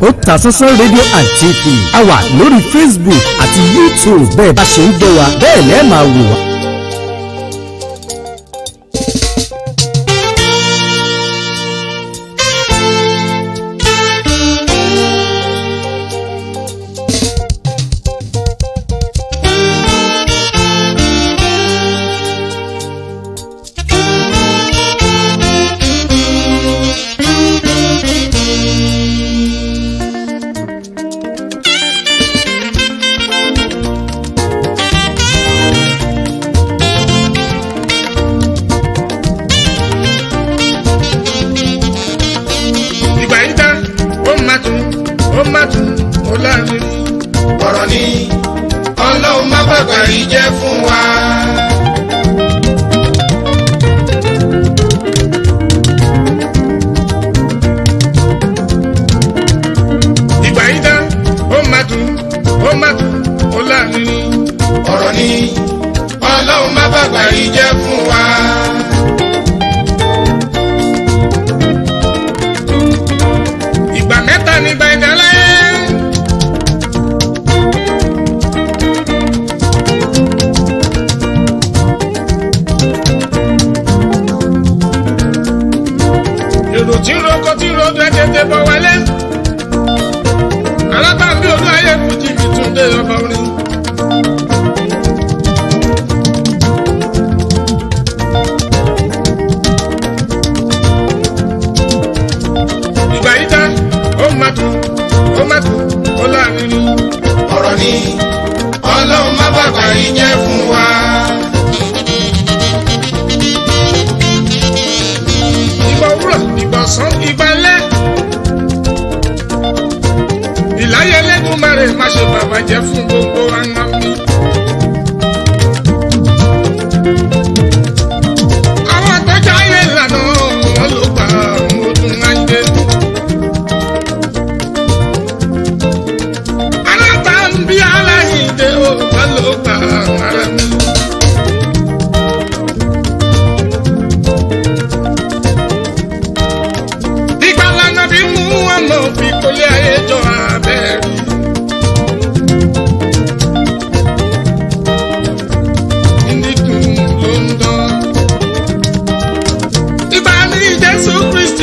Otasansan rédíò and tv a wà lórí facebook àti youtube bẹ́ẹ̀ bá ṣe ń gbọ́ wa bẹ́ẹ̀ lẹ́ẹ̀ máa wò wá. ọlọ́run má bàbá yìí jẹ́ fún wa. ìgbà yín dá ó má dùn ó má dùn ó láàánú ni ọ̀rọ̀ ni ọlọ́run má bàbá yìí jẹ́ fún wa. fújì mi túndé ọba orin. ìgbà yìí dá ó má tún ó má tún ó láàrin. ọ̀rọ̀ ni ọlọ́run má bàbá yín jẹ́.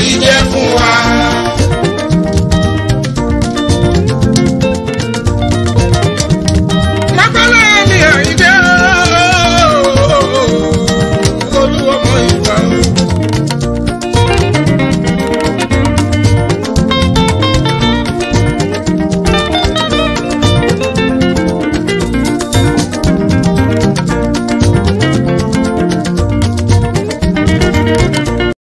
ìjẹkùn.